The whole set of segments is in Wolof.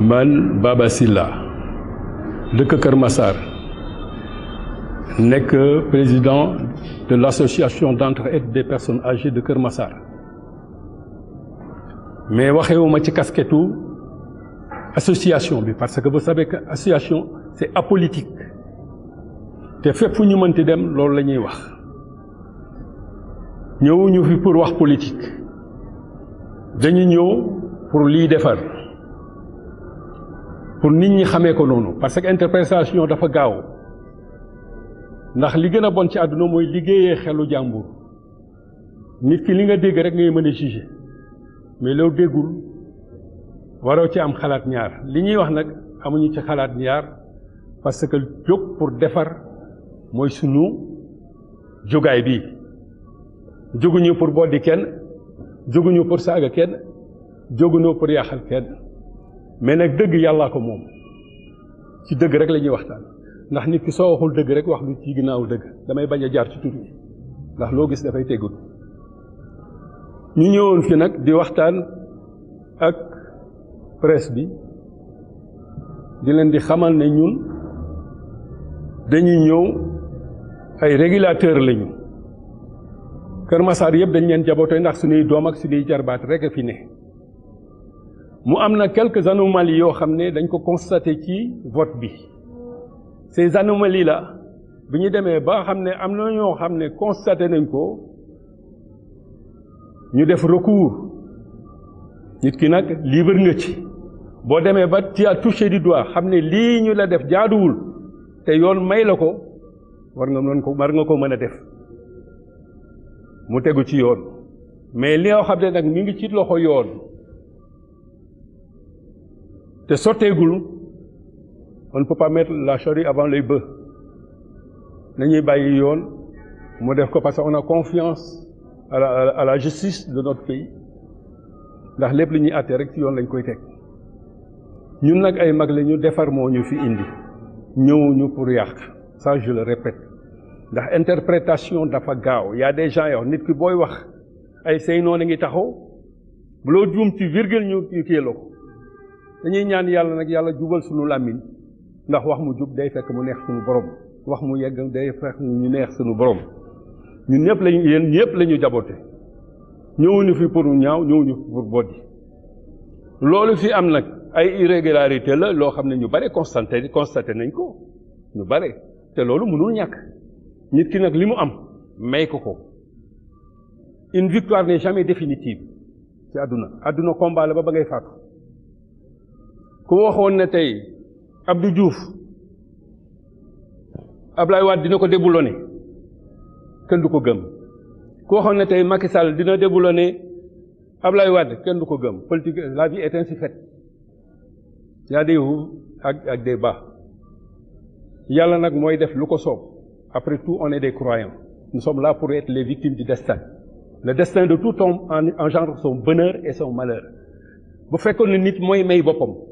man Baba Silla dëkk n'est Massar président de l'association d'entraide des personnes âgées de Kër Massar mais ci casquette association bi parce que vous savez que c'est apolitique te fépp ñu mënti dem loolu la pour wax politique dañu pour lii defar pour nit ñi xamee ko noonu parce que interprétation dafa gaaw ndax li gën a bon ci àdduna mooy liggéeyee xelu jàmbur nit ki li nga dégg rek ngay mën a juger mais loo déggul waroo ci am xalaat ñaar li ñuy wax nag amuñu ci xalaat ñaar parce que jóg pour defar mooy sunu jógaay bi jóguñu pour boddi kenn jóguñu pour saaga kenn jóguñu pour yàqal kenn mais nag dëgg yàllaa ko moom ci dëgg rek la ñuy waxtaan ndax nit ki soo waxul dëgg rek wax lu ci ginnaaw dëgg damay bañ a jaar ci tur ndax loo gis dafay tegul ñu ñëwoon fi nag di waxtaan ak presse bi di leen di xamal ne ñun dañuy ñëw ay régulateur lañu kër masaar yépp dañ leen jabootoy ndax suñuy doom ak suñuy jarbaat rek fi ne mu am na quelques anomalies yoo xam ne dañ ko constaté ci vote bi ces anomalies la bi ñu demee ba xam ne am na ñoo xam ne constaté nañ ko ñu def recours nit ki nag libre nga ci boo demee ba tu as touché du doigt xam ne lii ñu la def jaaduwul te yoon may la ko war nga mën ko war nga ko mën a def mu tegu ci yoon mais li nga xam ne nag mi ngi ci loxo yoon te sotteegul on ne peut pas mettre la charrue avant les bœufs nañuy bàyyi yoon mu def ko parce que on a confiance à la à la justice de notre pays ndax lépp li ñuy àtte rek ci yoon lañ koy teg ñun nag ay mag la ñu defar moo ñu fi indi ñu pour yàq ça je le répète ndax interprétation dafa gaaw y a des gens yoo nit ki booy wax ay say noon a ngi taxaw bu loo juum ci virgule ñu kii ko dañuy ñaan yàlla nag yàlla jubal suñu làmmiñ ndax wax mu jub day fekk mu neex sunu borom wax mu yegg day fekk mu neex suñu borom ñun ñëpp lañu yéen ñëpp la jaboote ñëwuñu fi pour ñaaw ñëwuñu fi pour boddi loolu fi am nag ay irrégularité la loo xam ne ñu bare constaté constaté nañ ko ñu bare te loolu mënul ñàkk nit ki nag li mu am may ko ko une victoire n'est jamais définitive ci àdduna àdduna combat ba ba ngay faatu ku waxoon ne tey Abdou Diouf Ablaye Wade dina ko déboulonné kenn du ko gëm ku waxoon dina Ablaye kenn du ko politique la vie est ainsi faite y a des hauts ak des bas yàlla nag mooy def lu ko après tout on est des croyants nous sommes là pour être les victimes du destin le destin de tout homme engendre son bonheur et son malheur bu fekkoon ne nit mooy may boppam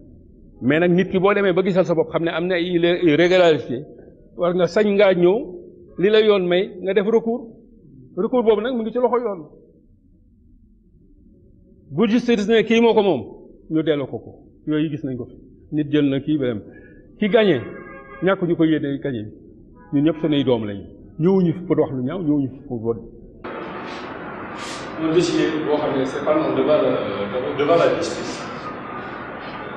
mais nag nit ki boo demee ba gisal sa bopp xam ne am na ay irrégularité war nga sañ ngaa ñëw li la yoon may nga def recours recours boobu nag mu ngi ci loxo yoon bu justice ne kii moo ko moom ñu delloo ko ko yooyu gis nañ ko nit jël na kii beneen ki gagné ñàkk ñu ko yéene gagné ñun ñëpp suñuy doom lañu ñëwuñu fi pour wax lu ñaaw ñëwuñu fi pour vote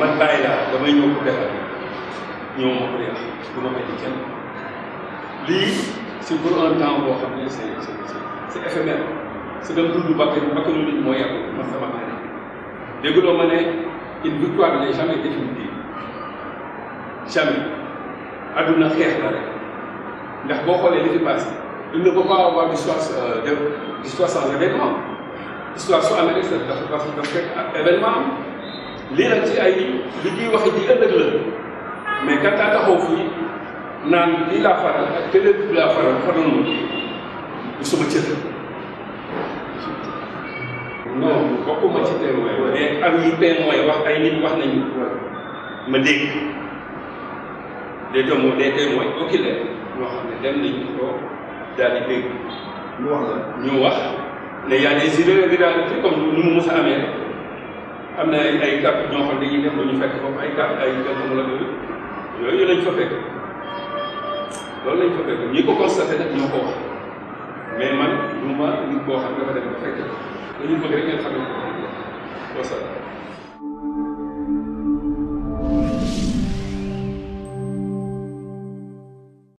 man bàyyi laa damay ñëw ko defal ñëw ma ko def du ma mel ni kenn lii c'est pour un temps boo xam ne c'est c'est c'est éphémère c'est dem dund bakkan bakkanu nit moo yàqu ma sama année dégguloo ma ne une victoire n'est jamais définitive jamais adduna xeex la rek ndax boo xoolee li fi passé il ne peut pas avoir d'histoire euh, de d'histoire sans événement histoire su amee rek dafa dafa fekk événement lii nag ci ay li ñuy wax ji ëllëg la mais kan taa taxaw fii naan lii laa faral ak tëddee bi laa faral faral ma cër. non bokkuma ci témoin mais am yi témoin wax ay nit wax nañu ma dégg des témoins des témoins oculaires ñoo xam ne dem nañu ko daal dégg. ñu la ñu wax ne y a des irrégularités comme ni mu mës amee. Amna, na ay ay kàpp ñoo xam dañuy dem dañu fekk foofu ay kàpp ay gàpp mu la yooyu yooyu lañ fa fekk loolu lañ fa fekk ñi ko constaté nag ñoo ko wax mais man du ma nit boo xam dafa dem ba fekk dañu bëgg rek ngeen xam ne ko sa